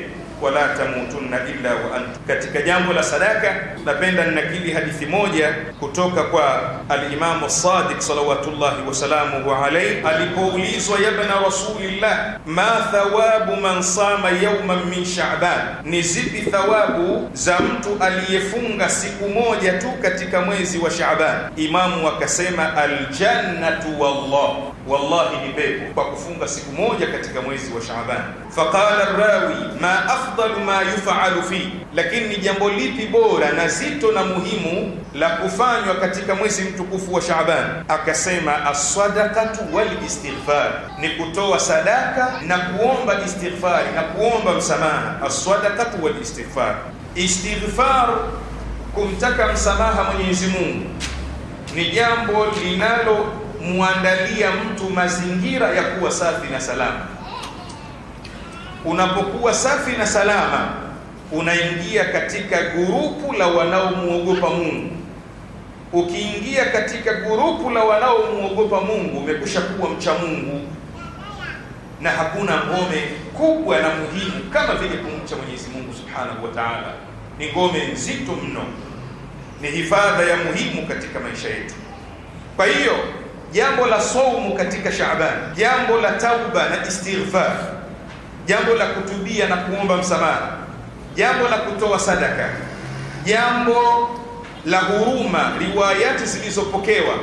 wala tamutunna illa wa antum. Katika jambo la sadaka, napenda ninakili hadithi moja kutoka kwa alimamu Sadiq salawatullahi wasalamuhu alayhi, alipoulizwa yabna rasulillah, ma thawabu man sama yawman min sha'ban, ni zipi thawabu za mtu aliyefunga siku moja tu katika mwezi wa Sha'ban? Imamu akasema aljannatu wallah, wallahi ni pepo kwa kufunga siku moja katika mwezi wa Sha'ban. Faqala rawi ma afdalu ma yufaalu fi, lakini ni jambo lipi bora na zito na muhimu la kufanywa katika mwezi mtukufu wa Shaaban? Akasema as-sadaqatu wal istighfar, ni kutoa sadaka na kuomba istighfari na kuomba msamaha. As-sadaqatu wal istighfar, istighfar kumtaka msamaha Mwenyezi Mungu ni jambo linalomwandalia mtu mazingira ya kuwa safi na salama unapokuwa safi na salama unaingia katika gurupu la wanaomuogopa Mungu. Ukiingia katika gurupu la wanaomuogopa Mungu, umekusha kuwa mcha Mungu, na hakuna ngome kubwa na muhimu kama vile kumcha Mwenyezi Mungu Subhanahu wa Ta'ala. Ni ngome nzito mno, ni hifadha ya muhimu katika maisha yetu. Kwa hiyo jambo la saumu katika Shaaban, jambo la tauba na istighfar jambo la kutubia na kuomba msamaha, jambo la kutoa sadaka, jambo la huruma, riwayati zilizopokewa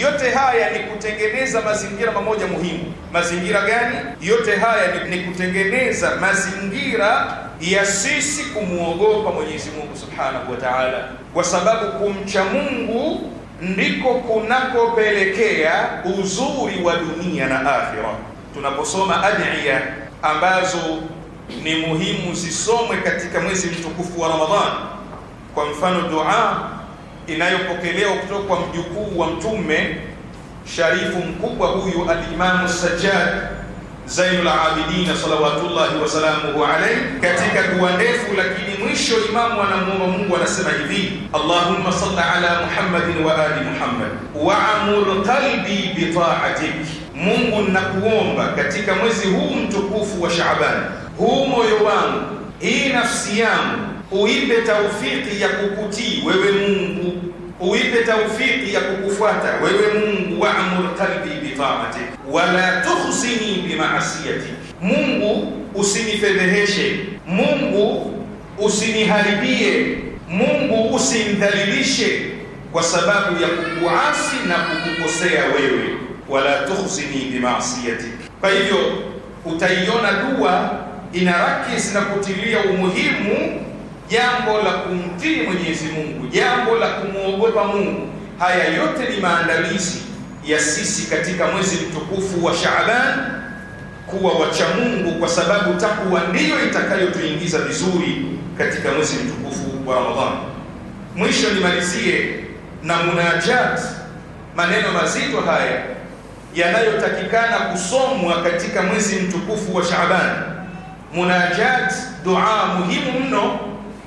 yote haya ni kutengeneza mazingira mamoja muhimu. Mazingira gani? Yote haya ni, ni kutengeneza mazingira ya sisi kumwogopa Mwenyezi Mungu Subhanahu wa Ta'ala, kwa sababu kumcha Mungu ndiko kunakopelekea uzuri wa dunia na akhira. Tunaposoma adhiya ambazo ni muhimu zisomwe katika mwezi mtukufu wa Ramadhani. Kwa mfano, dua inayopokelewa kutoka kwa mjukuu wa Mtume sharifu mkubwa huyu Alimamu Sajjad Zainul Abidin salawatullahi wasalamuhu alayhi, katika dua ndefu lakini mwisho imamu anamuomba Mungu anasema hivi: Allahumma salli ala Muhammadin wa ali Muhammad wa amur qalbi bi ta'atik Mungu nakuomba katika mwezi huu mtukufu wa Shaabani, huu moyo wangu, hii nafsi yangu, uipe taufiki ya kukutii wewe Mungu, uipe taufiki ya kukufuata wewe Mungu. Waamur qalbi bitaatik wala tukhzini bimaasiyatik, Mungu usinifedheheshe, Mungu usiniharibie, Mungu usinidhalilishe kwa sababu ya kukuasi na kukukosea wewe wala tukhzini bimaasiyatik. Kwa hivyo utaiona dua inarakis na kutilia umuhimu jambo la kumtii Mwenyezi Mungu, jambo la kumwogopa Mungu. Haya yote ni maandalizi ya sisi katika mwezi mtukufu wa Shaaban kuwa wacha Mungu, kwa sababu takwa ndiyo itakayotuingiza vizuri katika mwezi mtukufu wa Ramadhani. Mwisho nimalizie na munajat, maneno mazito haya yanayotakikana kusomwa katika mwezi mtukufu wa Shaaban, munajat, dua muhimu mno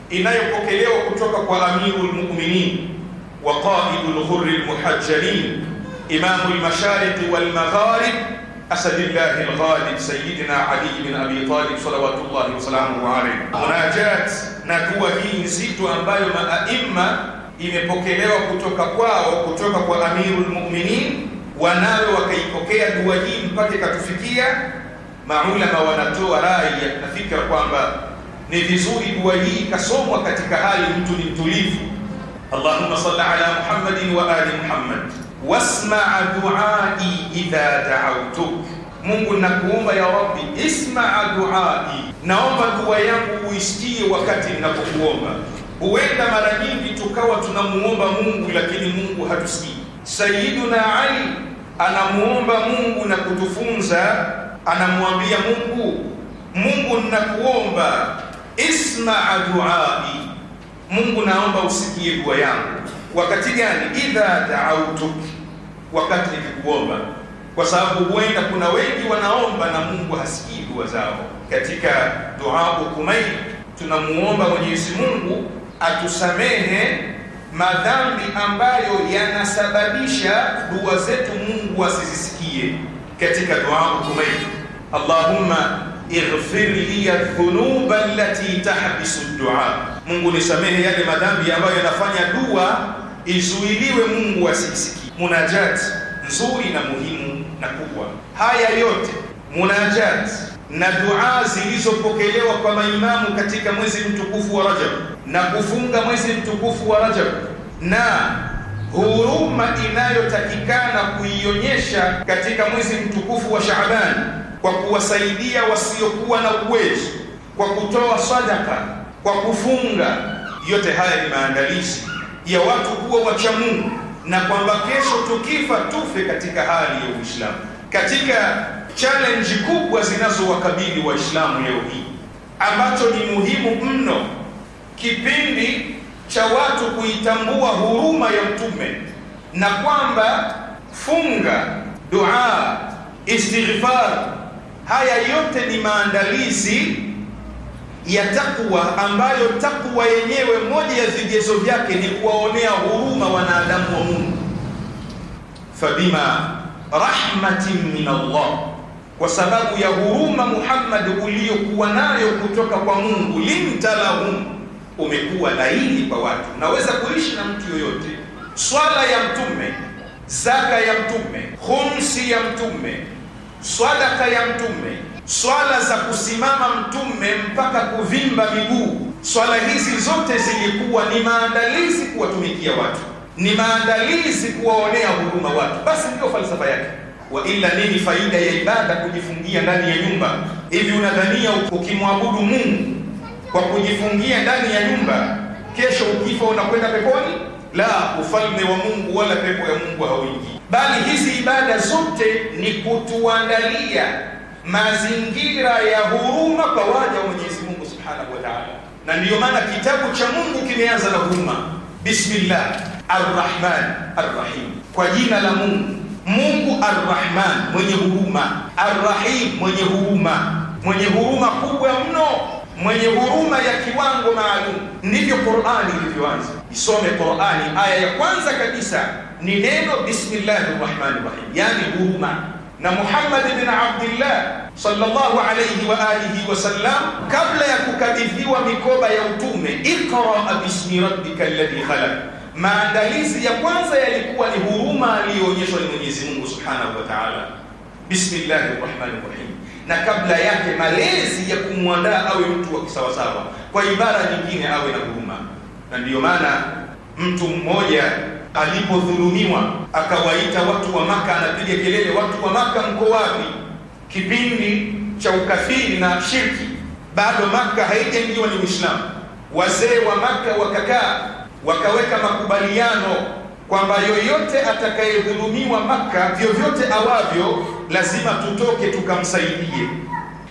inayopokelewa kutoka kwa Amirul Mu'minin wa qaidul Hurri al muhajjalin Al-Mashariq wal magharib al ghalib sayyidina Ali ibn Abi Talib salawatullahi wa salamuhu alayhi. Munajat na dua hii nzito ambayo maaima imepokelewa kutoka kwao kutoka kwa Amirul Mu'minin wanawe wakaipokea dua hii mpaka ikatufikia. Maulama wanatoa rai na fikra kwamba ni vizuri dua hii ikasomwa katika hali mtu ni mtulivu, Allahumma salli ala Muhammadin wa ali Muhammad wasmaa duai idha daautuk, Mungu nakuomba ya Rabbi, ismaa duai, naomba dua yangu uisikie wakati ninapokuomba. Huenda mara nyingi tukawa tunamuomba Mungu lakini Mungu hatusikii Sayyiduna Ali anamuomba Mungu na kutufunza, anamwambia Mungu, Mungu ninakuomba, ismaa duai, Mungu naomba usikie dua yangu. Wakati gani? Idha daautuk, wakati nikikuomba, kwa sababu huenda kuna wengi wanaomba na Mungu hasikii dua zao. Katika duau kumai tunamuomba Mwenyezi Mungu atusamehe madhambi ambayo yanasababisha dua zetu Mungu asizisikie katika dua kumaini Allahumma ighfir li dhunuba allati tahbisu dua, Mungu nisamehe yale madhambi ambayo yanafanya dua izuiliwe Mungu asisikie. Munajat nzuri na muhimu na kubwa, haya yote munajat na dua zilizopokelewa kwa maimamu katika mwezi mtukufu wa Rajab na kufunga mwezi mtukufu wa Rajab na huruma inayotakikana kuionyesha katika mwezi mtukufu wa Shaaban kwa kuwasaidia wasiokuwa na uwezo, kwa kutoa sadaka, kwa kufunga. Yote haya ni maandalizi ya watu kuwa wacha Mungu, na kwamba kesho tukifa tufe katika hali ya Uislamu katika challenge kubwa zinazowakabili waislamu leo hii ambacho ni muhimu mno kipindi cha watu kuitambua huruma ya mtume na kwamba funga dua istighfar haya yote ni maandalizi ya takwa ambayo takwa yenyewe moja ya vigezo vyake ni kuwaonea huruma wanadamu wa mungu fabima rahmatin min allah kwa sababu ya huruma Muhammad uliyokuwa nayo kutoka kwa Mungu, linta lahum, umekuwa laini kwa watu, naweza kuishi na mtu yoyote. Swala ya Mtume, zaka ya Mtume, khumsi ya Mtume, swadaka ya Mtume, swala za kusimama Mtume mpaka kuvimba miguu, swala hizi zote zilikuwa ni maandalizi kuwatumikia watu, ni maandalizi kuwaonea huruma watu. Basi ndiyo falsafa yake wa ila nini faida ya ibada kujifungia ndani ya nyumba? Hivi unadhania ukimwabudu Mungu kwa kujifungia ndani ya nyumba, kesho ukifa unakwenda peponi? La, ufalme wa Mungu wala pepo ya Mungu hauingii, bali hizi ibada zote ni kutuandalia mazingira ya huruma kwa waja wa Mwenyezi Mungu subhanahu wa taala, na ndiyo maana kitabu cha Mungu kimeanza na huruma. Bismillah arrahman arrahim, kwa jina la Mungu Mungu Arrahman, mwenye huruma, Arrahim, mwenye huruma, mwenye huruma kubwa mno, mwenye huruma ya kiwango maalum. Ndivyo Qur'ani ilivyoanza. Isome Qur'ani, aya ya kwanza kabisa ni neno bismillahir rahmanir rahim, yani huruma. Na Muhammad bin Abdullah sallallahu alayhi wa alihi wa sallam, kabla ya kukabidhiwa mikoba ya utume, iqra bismi rabbikal ladhi khalaq maandalizi ya kwanza yalikuwa ni huruma aliyoonyeshwa ni Mwenyezi Mungu Subhanahu wa Ta'ala. bismillahi rahmani Rahim. Na kabla yake malezi ya kumwandaa awe mtu wa kisawasawa, kwa ibara nyingine awe na huruma. Na ndiyo maana mtu mmoja alipodhulumiwa akawaita watu wa Maka, anapiga kelele, watu wa Maka mko wapi? Kipindi cha ukafiri na shirki, bado Maka haijaingiwa ni Uislamu. Wazee wa Maka wakakaa wakaweka makubaliano kwamba yoyote atakayedhulumiwa Makka vyovyote awavyo, lazima tutoke tukamsaidie.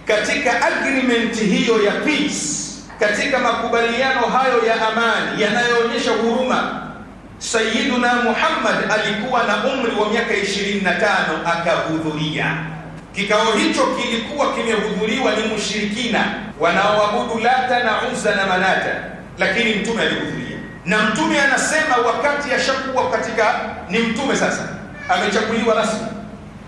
Katika agreement hiyo ya peace, katika makubaliano hayo ya amani yanayoonyesha huruma, Sayyiduna Muhammad alikuwa na umri wa miaka 25 akahudhuria kikao hicho. Kilikuwa kimehudhuriwa ni mushirikina wanaoabudu Lata na Uzza na Manata, lakini mtume alihudhuria na mtume anasema wakati ashakuwa katika ni mtume sasa amechaguliwa rasmi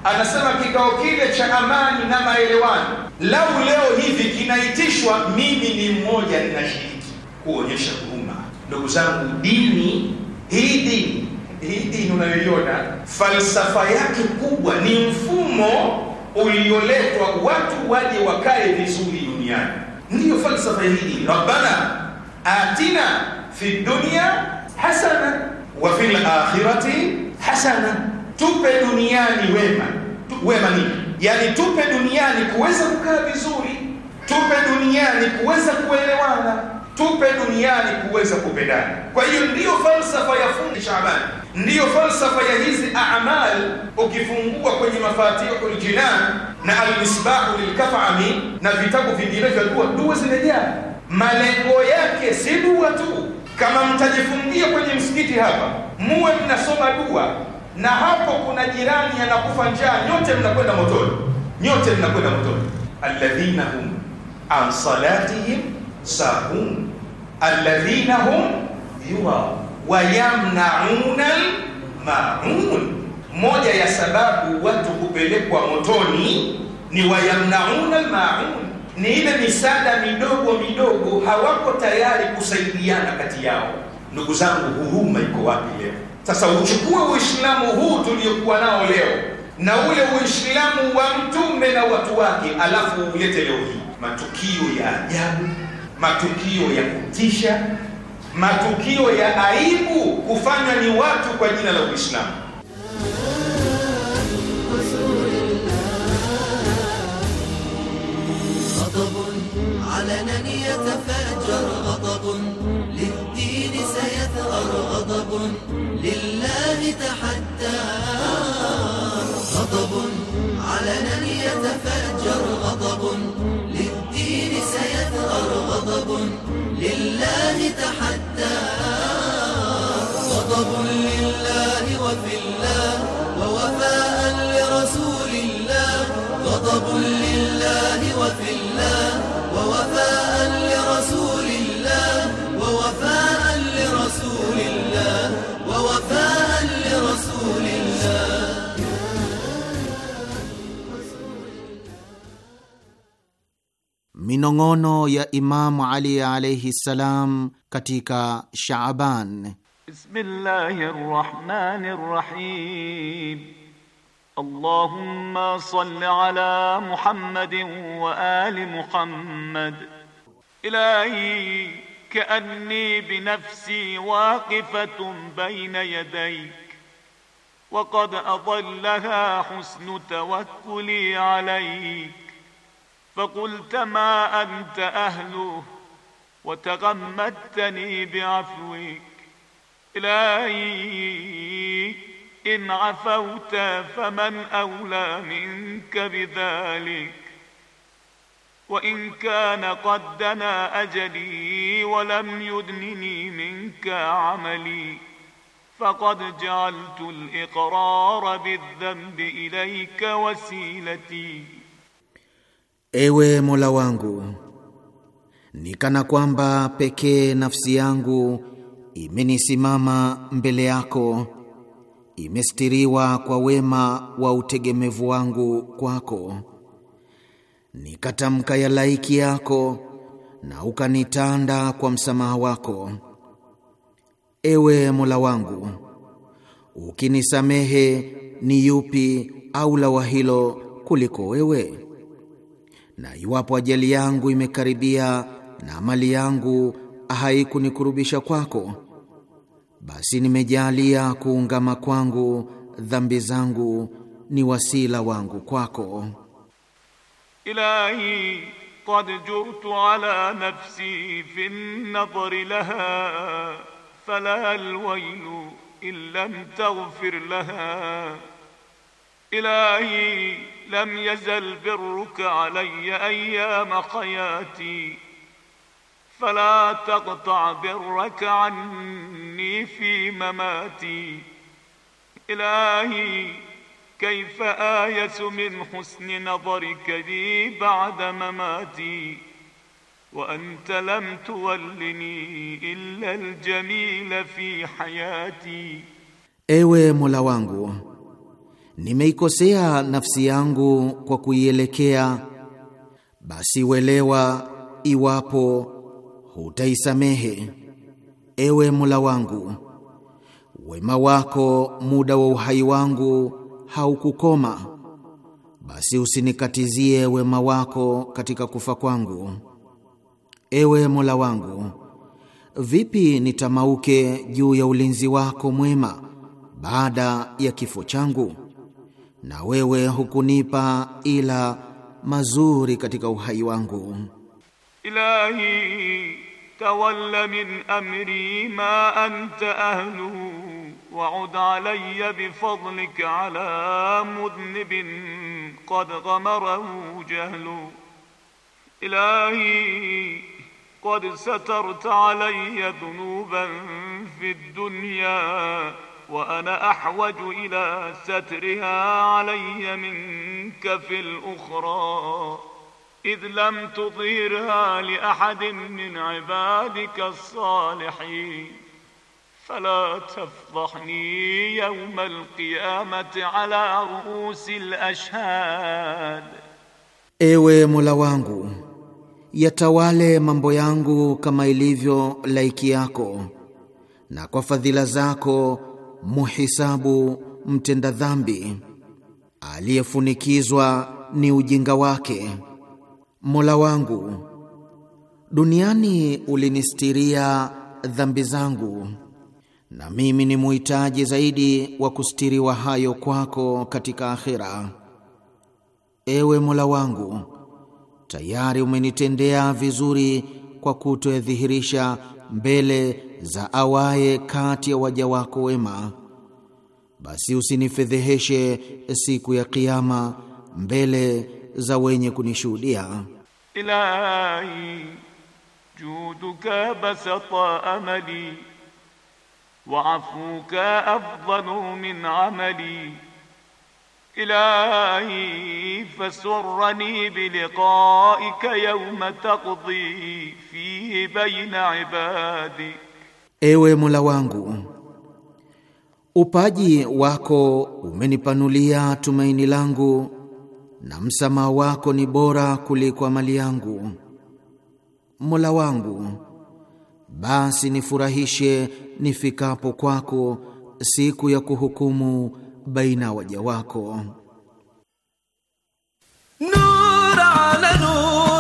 anasema kikao kile cha amani na maelewano lau leo hivi kinaitishwa mimi ni mmoja ninashiriki kuonyesha huruma ndugu zangu dini hii dini hii dini unayoiona falsafa yake kubwa ni mfumo ulioletwa watu waje wakae vizuri duniani ndiyo falsafa ya hii dini rabbana atina fi dunya hasana wa fil akhirati hasana, tupe duniani wema. Wema ni yani, tupe duniani kuweza kukaa vizuri, tupe duniani kuweza kuelewana, tupe duniani kuweza kupendana. Kwa hiyo ndiyo falsafa ya fundi Shaaban, ndiyo falsafa ya hizi a'mal. Ukifungua kwenye mafatihu Jinan na Almisbahu Lilkafami na vitabu vingine vya dua, dua zimejaa. Malengo yake si dua tu kama mtajifungia kwenye msikiti hapa, muwe mnasoma dua, na hapo kuna jirani anakufa njaa, nyote mnakwenda motoni, nyote mnakwenda motoni. alladhina hum an salatihim sahun alladhina hum yura wayamnauna maun. Moja ya sababu watu kupelekwa motoni ni wayamnauna maun ni ile misaada midogo midogo, hawako tayari kusaidiana kati yao. Ndugu zangu, huruma iko wapi leo? Sasa uchukue Uislamu huu tuliokuwa nao leo na ule Uislamu wa Mtume na watu wake, alafu ulete leo hii matukio ya ajabu, matukio ya kutisha, matukio ya aibu kufanywa ni watu kwa jina la Uislamu. لنا يتفجر غضب للدين سيثأر غضب لله تحدى غضب علنا يتفجر غضب للدين سيثأر غضب لله تحدى غضب minong'ono ya Imamu Ali alaihi ssalam katika Shaaban. Bismillahi rahmani rahim. Allahumma salli ala Muhammadin wa ali Muhammad. Ilahi kaanni bi nafsi waqifatun bayna yadayk وقد أضلها حسن توكلي عليك فقلت ما أنت أهله وتغمدتني بعفوك إلهي إن عفوت فمن أولى منك بذلك وإن كان قد دنا أجلي ولم يدنني منك عملي فقد جعلت الإقرار بالذنب إليك وسيلتي Ewe Mola wangu, nikana kwamba pekee nafsi yangu imenisimama mbele yako, imestiriwa kwa wema wa utegemevu wangu kwako, nikatamka ya laiki yako na ukanitanda kwa msamaha wako. Ewe Mola wangu, ukinisamehe ni yupi au la wa hilo kuliko wewe? na iwapo ajali yangu imekaribia na mali yangu haikunikurubisha kwako, basi nimejalia kuungama kwangu dhambi zangu ni wasila wangu kwako. Ilahi qad jurtu ala nafsi fi nadhri laha fala illa illam taghfir laha ilahi لم يزل برك علي أيام حياتي فلا تقطع برك عني في مماتي إلهي كيف آيس من حسن نظرك لي بعد مماتي وأنت لم تولني إلا الجميل في حياتي ايوه مولا وانغو nimeikosea nafsi yangu kwa kuielekea, basi welewa iwapo hutaisamehe. Ewe Mola wangu, wema wako muda wa uhai wangu haukukoma, basi usinikatizie wema wako katika kufa kwangu. Ewe Mola wangu, vipi nitamauke juu ya ulinzi wako mwema baada ya kifo changu? na wewe hukunipa ila mazuri katika uhai wangu. Ilahi tawalla min amri ma anta ahluhu waud alayya bifadlika ala mudhnibin qad ghamarahu jahlu ilahi qad satarta alayya dhunuban fi dunya wa ana ahwaju ila satriha alayya minka fil ukhra idh lam tudhirha li ahadin min ibadika salihin fala tafdhahni yawma al ala ruusi al Ewe Mola wangu yatawale mambo yangu kama ilivyo laiki yako na kwa fadhila zako muhisabu mtenda dhambi, aliyefunikizwa ni ujinga wake. Mola wangu, duniani ulinistiria dhambi zangu, na mimi ni muhitaji zaidi wa kustiriwa hayo kwako katika akhira. Ewe Mola wangu, tayari umenitendea vizuri kwa kutoyadhihirisha mbele za awaye kati ya waja wako wema, basi usinifedheheshe siku ya Kiyama mbele za wenye kunishuhudia. Ilahi juduka basata amali wa afuka afdalu min amali ilahi fasurrani biliqaika yawma taqdi fihi baina ibadi, Ewe Mola wangu, upaji wako umenipanulia tumaini langu na msamaha wako ni bora kuliko mali yangu. Mola wangu, basi nifurahishe nifikapo kwako siku ya kuhukumu baina waja wako. Nur ala nur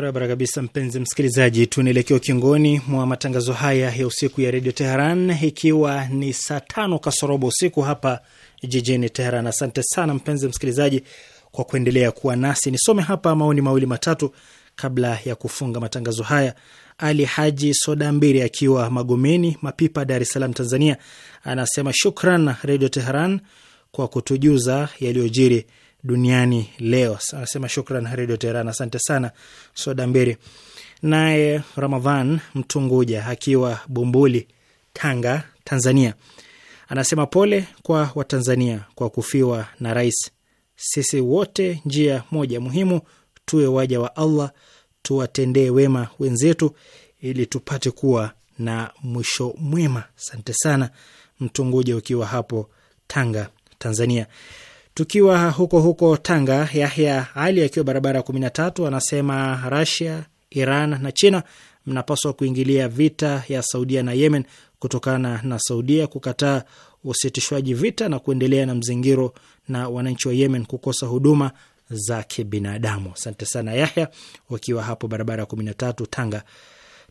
Barabara kabisa, mpenzi msikilizaji, tunaelekea ukingoni mwa matangazo haya ya usiku ya redio Teheran, ikiwa ni saa tano kasorobo usiku hapa jijini Teheran. Asante sana mpenzi msikilizaji kwa kuendelea kuwa nasi. Nisome hapa maoni mawili matatu kabla ya kufunga matangazo haya. Ali Haji Soda Mbiri akiwa Magomeni Mapipa, Dar es Salaam, Tanzania, anasema shukran Redio Teheran kwa kutujuza yaliyojiri duniani leo. Anasema shukran Redio Teheran, asante sana soda mbiri. Naye Ramadhan Mtunguja akiwa Bumbuli, Tanga, Tanzania, anasema pole kwa Watanzania kwa kufiwa na rais. Sisi wote njia moja muhimu, tuwe waja wa Allah, tuwatendee wema wenzetu ili tupate kuwa na mwisho mwema. Asante sana Mtunguja ukiwa hapo Tanga, Tanzania. Tukiwa huko huko Tanga, Yahya Ali akiwa barabara ya kumi na tatu anasema Rasia, Iran na China mnapaswa kuingilia vita ya Saudia na Yemen kutokana na Saudia kukataa usitishwaji vita na kuendelea na mzingiro na wananchi wa Yemen kukosa huduma za kibinadamu. Asante sana Yahya wakiwa hapo barabara ya kumi na tatu Tanga,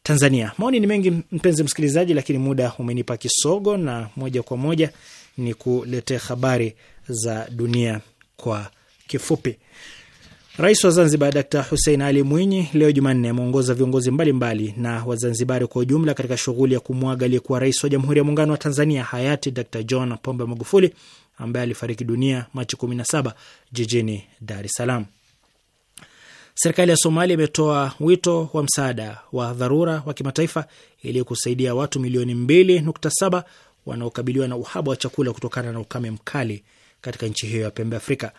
Tanzania. Maoni ni mengi mpenzi msikilizaji, lakini muda umenipa kisogo, na moja kwa moja ni kuletea habari za dunia kwa kifupi. Rais wa Zanzibar Dkt Hussein Ali Mwinyi leo Jumanne ameongoza viongozi mbalimbali mbali na Wazanzibari kwa ujumla katika shughuli ya kumwaga aliyekuwa rais wa Jamhuri ya Muungano wa Tanzania hayati Dkt John Pombe Magufuli ambaye alifariki dunia Machi 17 jijini Dar es Salaam. Serikali ya Somalia imetoa wito wa msaada wa dharura wa kimataifa ili kusaidia watu milioni 2.7 wanaokabiliwa na uhaba wa chakula kutokana na ukame mkali katika nchi hiyo ya pembe Afrika.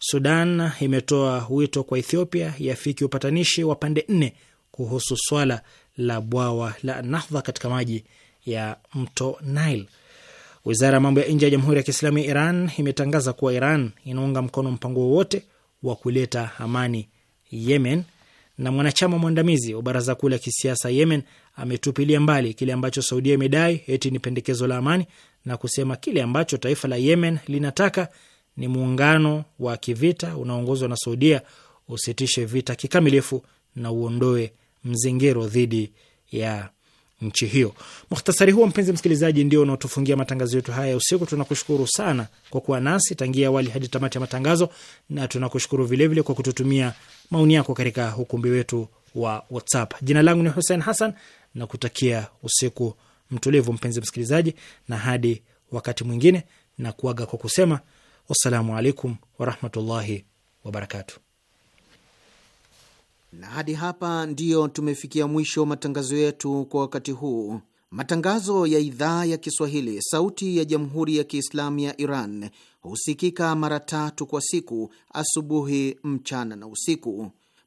Sudan imetoa wito kwa Ethiopia yafiki upatanishi wa pande nne kuhusu swala la bwawa la Nahdha katika maji ya mto Nile. Wizara ya mambo ya nje ya Jamhuri ya Kiislamu ya Iran imetangaza kuwa Iran inaunga mkono mpango wowote wa kuleta amani Yemen, na mwanachama mwandamizi wa baraza kuu la kisiasa Yemen ametupilia mbali kile ambacho Saudia imedai eti ni pendekezo la amani na kusema kile ambacho taifa la Yemen linataka ni muungano wa kivita unaoongozwa na Saudia usitishe vita kikamilifu na uondoe mzingiro dhidi ya nchi hiyo. Mukhtasari huo, mpenzi msikilizaji, ndio unaotufungia matangazo yetu haya ya usiku. Tunakushukuru sana kwa kuwa nasi tangia awali hadi tamati ya matangazo, na tunakushukuru vilevile kwa kututumia maoni yako katika ukumbi wetu wa WhatsApp. Jina langu ni Hussein Hassan na kutakia usiku mtulivu, mpenzi msikilizaji, na hadi wakati mwingine, na kuaga kwa kusema wassalamu alaikum warahmatullahi wabarakatu. Na hadi hapa ndiyo tumefikia mwisho matangazo yetu kwa wakati huu. Matangazo ya idhaa ya Kiswahili, sauti ya jamhuri ya Kiislamu ya Iran husikika mara tatu kwa siku: asubuhi, mchana na usiku.